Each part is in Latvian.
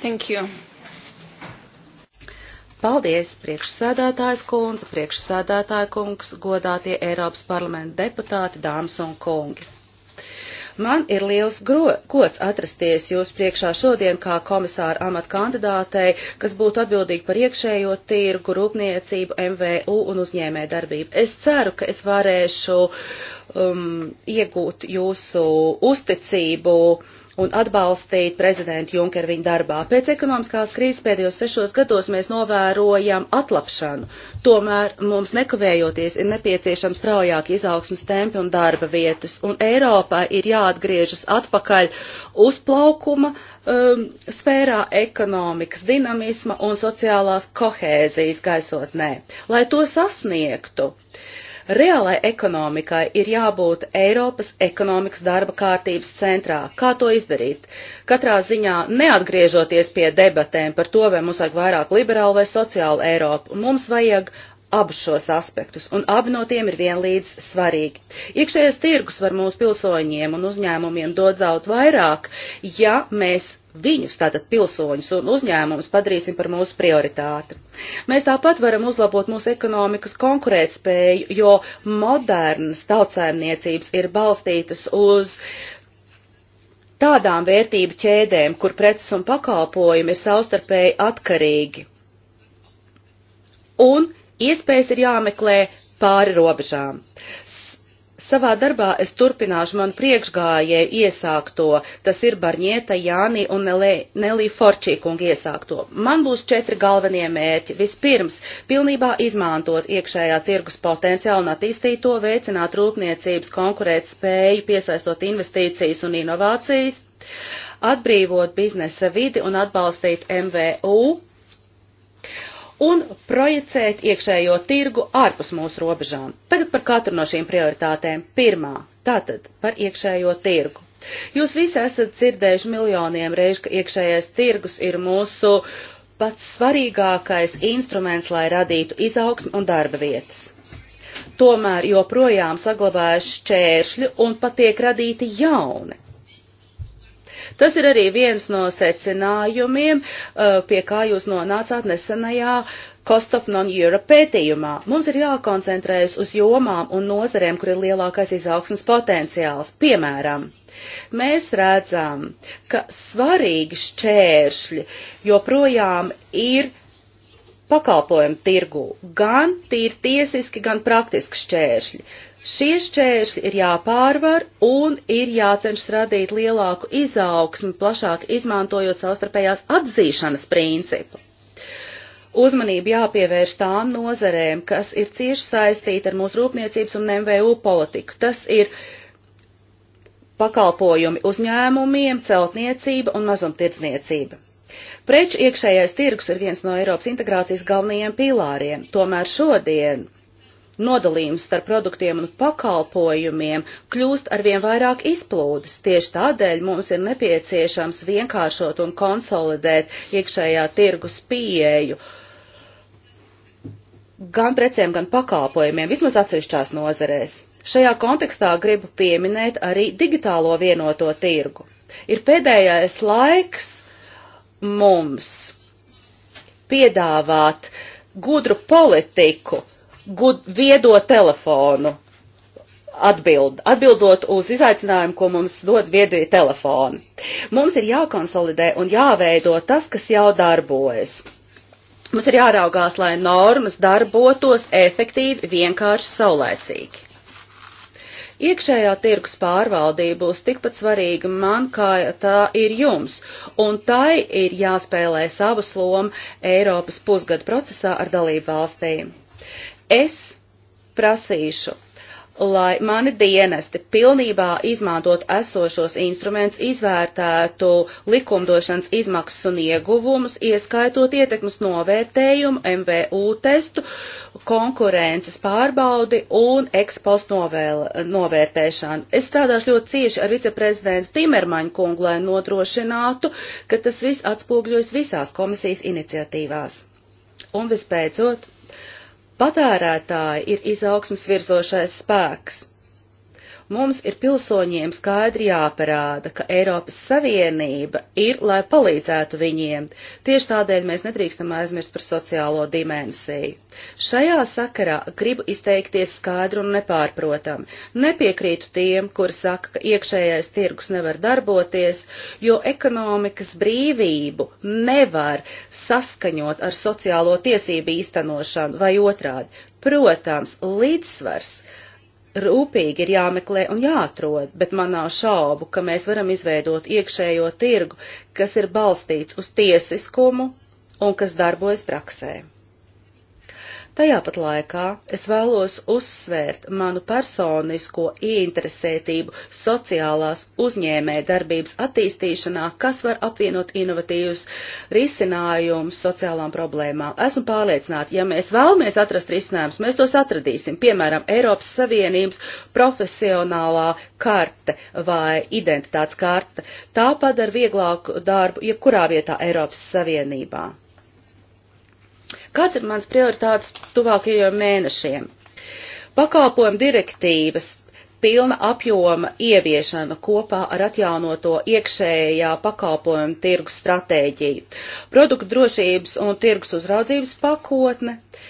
Thank you. Paldies, priekšsēdētājs kundze, priekšsēdētāja kungs, godātie Eiropas parlamenta deputāti, dāmas un kungi. Man ir liels gods atrasties jūs priekšā šodien kā komisāra amata kandidātei, kas būtu atbildīgi par iekšējo tirgu, rūpniecību, MVU un uzņēmē darbību. Es ceru, ka es varēšu um, iegūt jūsu uzticību uh, un atbalstīt prezidentu Junkeru viņa darbā. Pēc ekonomiskās krīzes pēdējos sešos gados mēs novērojam atlapšanu, tomēr mums nekavējoties ir nepieciešams straujāk izaugsmas tempi un darba vietas, un Eiropā ir jāatgriežas atpakaļ uz plaukuma um, sfērā ekonomikas dinamisma un sociālās kohēzijas gaisotnē. Lai to sasniegtu, uh, Reālai ekonomikai ir jābūt Eiropas ekonomikas darba kārtības centrā. Kā to izdarīt? Katrā ziņā neatgriežoties pie debatēm par to, vai mums vajag vairāk liberālu vai sociālu Eiropu, mums vajag abus šos aspektus, un abi no tiem ir vienlīdz svarīgi. Iekšējais tirgus var mūsu pilsoņiem un uzņēmumiem dod zaut vairāk, ja mēs viņus, tātad pilsoņus un uzņēmumus, padarīsim par mūsu prioritāti. Mēs tāpat varam uzlabot mūsu ekonomikas konkurētspēju, jo modernas tautsājumniecības ir balstītas uz tādām vērtību ķēdēm, kur preces un pakalpojumi ir savstarpēji atkarīgi. Un iespējas ir jāmeklē pāri robežām. Savā darbā es turpināšu man priekšgājēju iesākto, tas ir Barņieta, Jāni un Nelī Forčīkunga iesākto. Man būs četri galvenie mērķi. Vispirms, pilnībā izmantot iekšējā tirgus potenciālu un attīstīt to, veicināt rūpniecības konkurēt spēju, piesaistot investīcijas un inovācijas, atbrīvot biznesa vidi un atbalstīt MVU, un projicēt iekšējo tirgu ārpus mūsu robežām. Tagad par katru no šīm prioritātēm. Pirmā - tātad par iekšējo tirgu. Jūs visi esat dzirdējuši miljoniem reižu, ka iekšējais tirgus ir mūsu pats svarīgākais instruments, lai radītu izaugsmu un darba vietas. Tomēr joprojām saglabājas šķēršļi un patiek radīti jauni Tas ir arī viens no secinājumiem, eh, pie kā jūs nonācāt nesenajā Cost of Non-Europe pētījumā. Mums ir jākoncentrējas uz jomām un nozarēm, kur ir lielākais izaugsmas potenciāls. Piemēram, mēs redzam, ka svarīgi šķēršļi joprojām ir pakalpojumu tirgu, gan tīri tiesiski, gan praktiski šķēršļi. Šie šķēršļi ir jāpārvar un ir jācenšas radīt lielāku izaugsmu, plašāk izmantojot savstarpējās atzīšanas principu. Uzmanību jāpievērš tām nozerēm, kas ir cieši saistīti ar mūsu rūpniecības un MVU politiku. Tas ir pakalpojumi uzņēmumiem, celtniecība un mazumtirdzniecība. Preču iekšējais tirgus ir viens no Eiropas integrācijas galvenajiem pilāriem, tomēr šodien nodalījums starp produktiem un pakalpojumiem kļūst arvien vairāk izplūdes. Tieši tādēļ mums ir nepieciešams vienkāršot un konsolidēt iekšējā tirgus pieeju gan precēm, gan pakalpojumiem, vismaz atsevišķās nozerēs. Šajā kontekstā gribu pieminēt arī digitālo vienoto tirgu. Ir pēdējais laiks mums piedāvāt gudru politiku, gud, viedo telefonu atbild, atbildot uz izaicinājumu, ko mums dod viedie telefoni. Mums ir jākonsolidē un jāveido tas, kas jau darbojas. Mums ir jāraugās, lai normas darbotos efektīvi, vienkārši, saulēcīgi. Iekšējā tirgus pārvaldība būs tikpat svarīga man, kā tā ir jums, un tai ir jāspēlē savas loma Eiropas pusgada procesā ar dalību valstīm. Es prasīšu, lai mani dienesti pilnībā izmantot esošos instrumentus, izvērtētu likumdošanas izmaksas un ieguvumus, ieskaitot ietekmes novērtējumu, MVU testu, konkurences pārbaudi un ekspost novērtēšanu. Es strādāšu ļoti cieši ar viceprezidentu Timermaņu kungu, lai nodrošinātu, ka tas viss atspūgļojas visās komisijas iniciatīvās. Un vispēcot, Patērētāji ir izaugsmas virzošais spēks. Mums ir pilsoņiem skaidri jāparāda, ka Eiropas Savienība ir, lai palīdzētu viņiem. Tieši tādēļ mēs nedrīkstam aizmirst par sociālo dimensiju. Šajā sakarā gribu izteikties skaidru un nepārprotami. Nepiekrītu tiem, kur saka, ka iekšējais tirgus nevar darboties, jo ekonomikas brīvību nevar saskaņot ar sociālo tiesību īstenošanu vai otrādi. Protams, līdzsvars rūpīgi ir jāmeklē un jāatrod, bet man nav šaubu, ka mēs varam izveidot iekšējo tirgu, kas ir balstīts uz tiesiskumu un kas darbojas praksē. Tajā pat laikā es vēlos uzsvērt manu personisko ieinteresētību sociālās uzņēmē darbības attīstīšanā, kas var apvienot inovatīvus risinājumus sociālām problēmām. Esmu pārliecināta, ja mēs vēlamies atrast risinājumus, mēs tos atradīsim. Piemēram, Eiropas Savienības profesionālā karte vai identitātes karte. Tā padara vieglāku darbu jebkurā vietā Eiropas Savienībā. Kāds ir mans prioritātes tuvākajiem mēnešiem? Pakalpojumu direktīvas pilna apjoma ieviešana kopā ar atjaunoto iekšējā pakalpojumu tirgus stratēģiju, produktu drošības un tirgus uzraudzības pakotne, uh,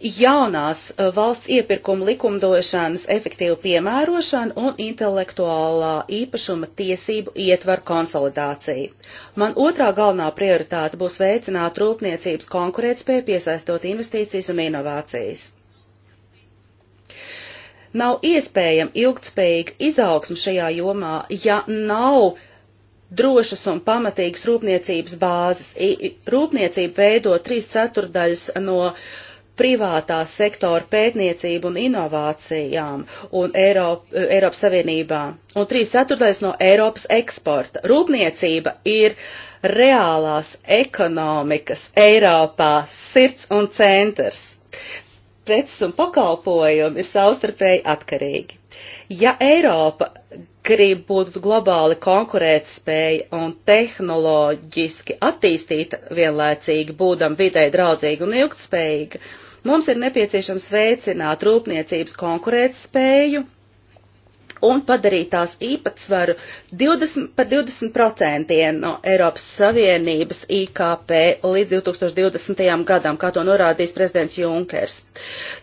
jaunās uh, valsts iepirkuma likumdošanas efektīvu piemērošanu un intelektuālā īpašuma tiesību ietvaru konsolidāciju. Man otrā galvenā prioritāte būs veicināt rūpniecības konkurētspēju, piesaistot investīcijas un inovācijas. Nav iespējama ilgtspējīga izaugsma šajā jomā, ja nav drošas un pamatīgas rūpniecības bāzes. Rūpniecība veido 3 ceturdaļas no uh, privātā sektora pētniecību un inovācijām un Eiropa, Eiropas Savienībā. Un 3,4 no Eiropas eksporta. Rūpniecība ir reālās ekonomikas Eiropā sirds un centrs. Preces un pakalpojumi ir savstarpēji atkarīgi. Ja Eiropa grib būt globāli konkurētspēja un tehnoloģiski attīstīta vienlaicīgi, būdam vidē draudzīga un ilgtspējīga, Mums ir nepieciešams veicināt rūpniecības konkurētspēju un padarīt tās īpatsvaru 20, par 20% no Eiropas Savienības IKP līdz 2020. gadam, kā to norādījis prezidents Junkers.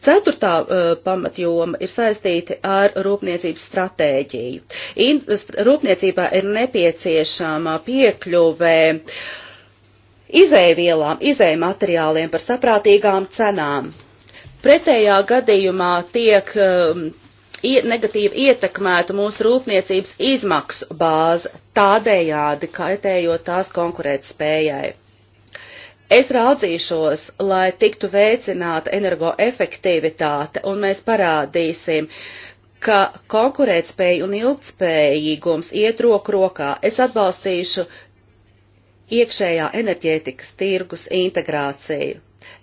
Ceturtā uh, pamatjoma ir saistīta ar rūpniecības stratēģiju. In, rūpniecībā ir nepieciešama piekļuvē uh, izēvielām, izēmateriāliem par saprātīgām cenām. Pretējā gadījumā tiek um, negatīvi ietekmēta mūsu rūpniecības izmaksu bāze, tādējādi kaitējot tās konkurētspējai. Es raudzīšos, lai tiktu veicināta energoefektivitāte, un mēs parādīsim, ka konkurētspēja un ilgtspējīgums iet roku rokā. Es atbalstīšu iekšējā enerģētikas tirgus integrāciju.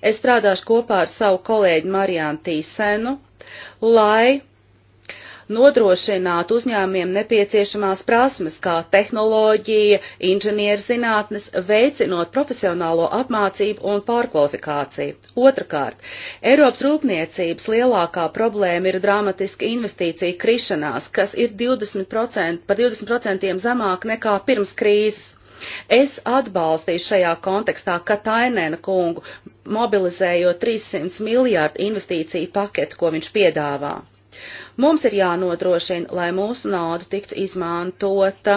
Es strādāšu kopā ar savu kolēģi Marijānu Tīsenu, lai nodrošinātu uzņēmiem nepieciešamās prasmes, kā tehnoloģija, inženierzinātnes, veicinot profesionālo apmācību un pārkvalifikāciju. Otrakārt, Eiropas rūpniecības lielākā problēma ir dramatiska investīcija krišanās, kas ir 20%, par 20% zemāk nekā pirms krīzes. Es atbalstīšu šajā kontekstā Katainēna kungu, mobilizējot 300 miljārdu investīciju paketu, ko viņš piedāvā. Mums ir jānodrošina, lai mūsu nauda tiktu izmantota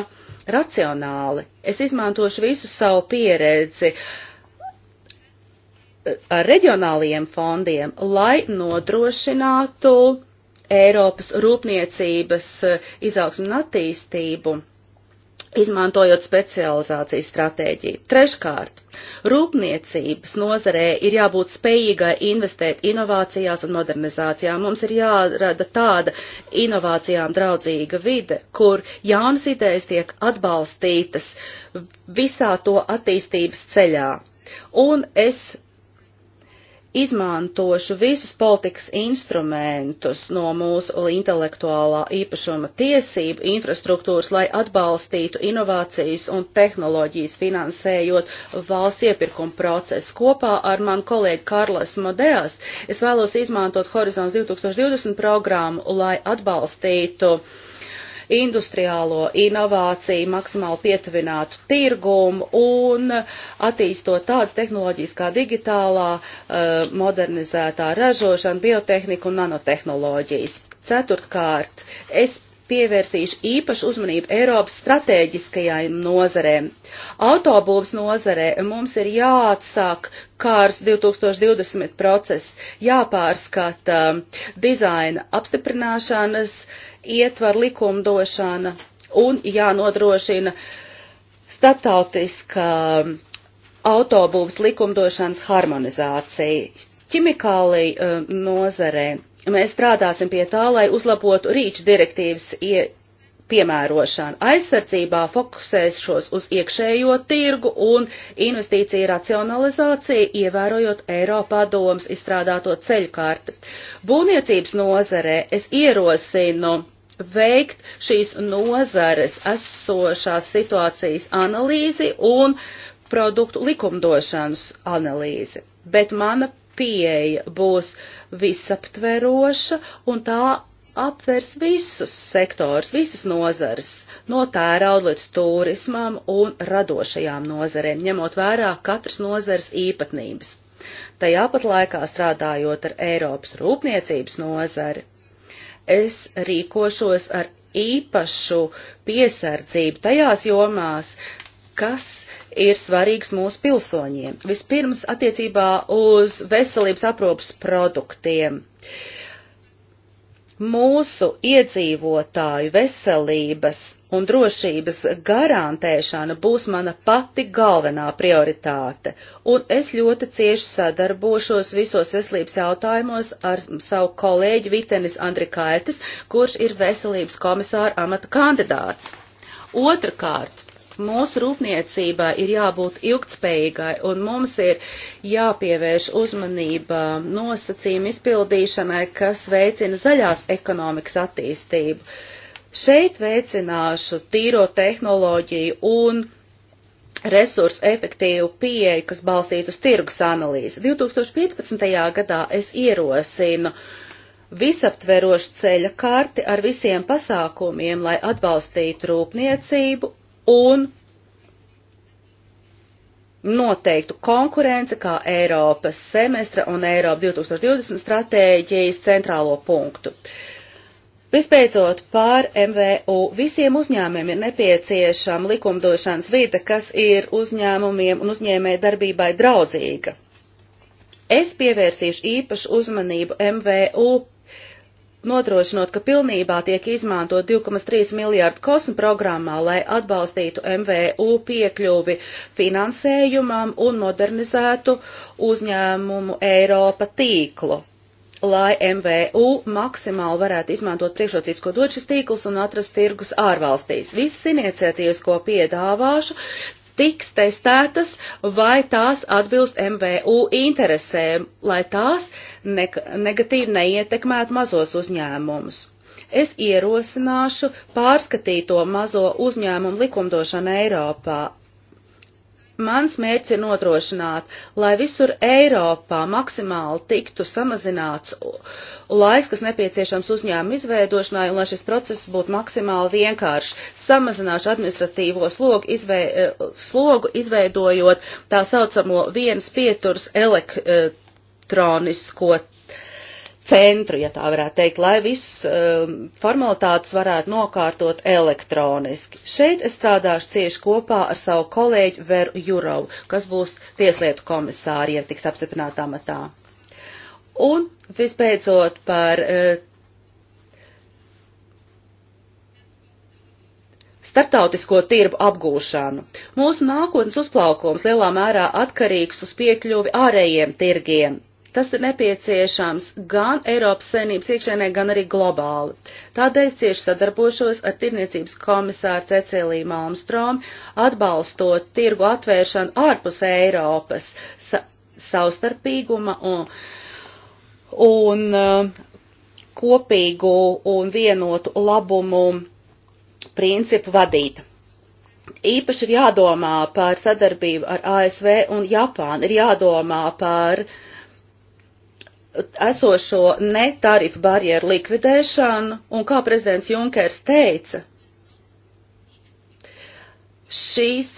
racionāli. Es izmantošu visu savu pieredzi eh, ar reģionālajiem fondiem, lai nodrošinātu Eiropas rūpniecības eh, izaugsmu un attīstību izmantojot specializācijas stratēģiju. Treškārt, rūpniecības nozarē ir jābūt spējīgai investēt inovācijās un modernizācijā. Mums ir jārada tāda inovācijām draudzīga vide, kur jaunas idejas tiek atbalstītas visā to attīstības ceļā. Un es izmantošu visus politikas instrumentus no mūsu intelektuālā īpašuma tiesību infrastruktūras, lai atbalstītu inovācijas un tehnoloģijas finansējot valsts iepirkuma procesu. Kopā ar manu kolēģi Karlas Modeas es vēlos izmantot Horizons 2020 programmu, lai atbalstītu uh, industriālo inovāciju, maksimāli pietuvinātu tirgumu un attīstot tādas tehnoloģijas kā digitālā, eh, modernizētā ražošana, biotehnika un nanotehnoloģijas. Ceturtkārt, es pievērsīšu īpašu uzmanību Eiropas stratēģiskajai nozarēm. Autobūvas nozarē mums ir jāatsāk kārs 2020 process, jāpārskata dizaina apstiprināšanas, ietvar likumdošana un jānodrošina starptautiska autobūvas likumdošanas harmonizācija. Ķimikālija eh, nozarē mēs strādāsim pie tā, lai uzlabotu rīču direktīvas piemērošanu. Aizsardzībā fokusēšos uz iekšējo tirgu un investīciju racionalizāciju, ievērojot Eiropā domas izstrādāto ceļkārti. Būvniecības nozarē es ierosinu veikt šīs nozares esošās situācijas analīzi un produktu likumdošanas analīzi bet mana pieeja būs visaptveroša un tā aptvers visus sektors, visas nozares, no tērauda līdz turismam un radošajām nozarēm, ņemot vērā katras nozares īpatnības. Tajā pat laikā strādājot ar Eiropas rūpniecības nozari, es rīkošos ar īpašu piesardzību tajās jomās, kas ir svarīgs mūsu pilsoņiem. Vispirms attiecībā uz veselības aprūpas produktiem. Mūsu iedzīvotāju veselības un drošības garantēšana būs mana pati galvenā prioritāte, un es ļoti cieši sadarbošos visos veselības jautājumos ar savu kolēģi Vitenis Andrikaitis, kurš ir veselības komisāra amata kandidāts. Otrakārt, mūsu rūpniecībai ir jābūt ilgtspējīgai un mums ir jāpievērš uzmanība nosacījumu izpildīšanai, kas veicina zaļās ekonomikas attīstību. Šeit veicināšu tīro tehnoloģiju un resursu efektīvu pieeju, kas balstītu uz tirgus analīzi. 2015. gadā es ierosinu visaptverošu ceļa karti ar visiem pasākumiem, lai atbalstītu rūpniecību un noteiktu konkurence kā Eiropas semestra un Eiropa 2020 stratēģijas centrālo punktu. Vispēcot par MVU, visiem uzņēmumiem ir nepieciešama likumdošanas vide, kas ir uzņēmumiem un uzņēmē darbībai draudzīga. Es pievērsīšu īpašu uzmanību MVU nodrošinot, ka pilnībā tiek izmanto 2,3 miljārdu kosmu programmā, lai atbalstītu MVU piekļuvi finansējumam un modernizētu uzņēmumu Eiropa tīklu lai MVU maksimāli varētu izmantot priekšrocības, ko dod šis tīkls un atrast tirgus ārvalstīs. Visas iniciatīvas, ko piedāvāšu, tiks testētas, vai tās atbilst MVU interesēm, lai tās ne negatīvi neietekmētu mazos uzņēmumus es ierosināšu pārskatīto mazo uzņēmumu likumdošanu Eiropā Mans mērķis ir nodrošināt, lai visur Eiropā maksimāli tiktu samazināts laiks, kas nepieciešams uzņēmumu izveidošanai, un lai šis process būtu maksimāli vienkāršs. Samazināšu administratīvo slogu, izvei, e, slogu izveidojot tā saucamo vienas pieturas elektronisko centru, ja tā varētu teikt, lai visas um, formalitātes varētu nokārtot elektroniski. Šeit es strādāšu cieši kopā ar savu kolēģi Veru Jurovu, kas būs tieslietu komisāri, ja tiks apstiprināta amatā. Un vispēcot par uh, starptautisko tirbu apgūšanu. Mūsu nākotnes uzplaukums lielā mērā atkarīgs uz piekļuvi ārējiem tirgiem, Tas ir nepieciešams gan Eiropas saimnības iekšēnē, gan arī globāli. Tādēļ cieši sadarbošos ar tirniecības komisāru Ceciliju Malmstrom, atbalstot tirgu atvēršanu ārpus Eiropas sa savstarpīguma un, un uh, kopīgu un vienotu labumu principu vadīt. Īpaši ir jādomā par sadarbību ar ASV un Japānu, ir jādomā par uh, esošo netarifu barjeru likvidēšanu, un kā prezidents Junkers teica, šīs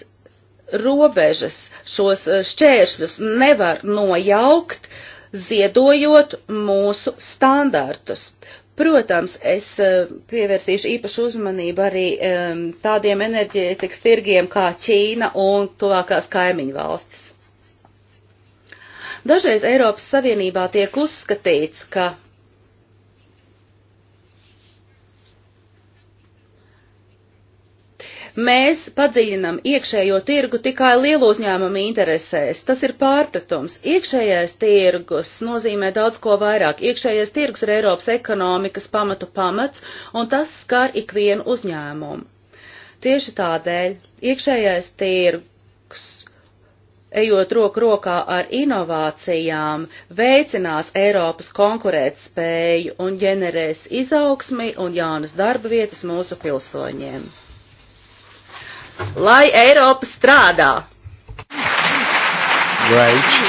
robežas, šos šķēršļus nevar nojaukt, ziedojot mūsu standartus. Protams, es e, pievērsīšu īpašu uzmanību arī um, tādiem enerģētikas tirgiem kā Ķīna un tuvākās kaimiņu valstis. Dažreiz Eiropas Savienībā tiek uzskatīts, ka mēs padziļinam iekšējo tirgu tikai lielu uzņēmumu interesēs. Tas ir pārpratums. Iekšējais tirgus nozīmē daudz ko vairāk. Iekšējais tirgus ir Eiropas ekonomikas pamatu pamats, un tas skar ikvienu uzņēmumu. Tieši tādēļ iekšējais tirgus ejot roku rokā ar inovācijām, veicinās Eiropas konkurētspēju un ģenerēs izaugsmi un jaunas darba vietas mūsu pilsoņiem. Lai Eiropa strādā! Great.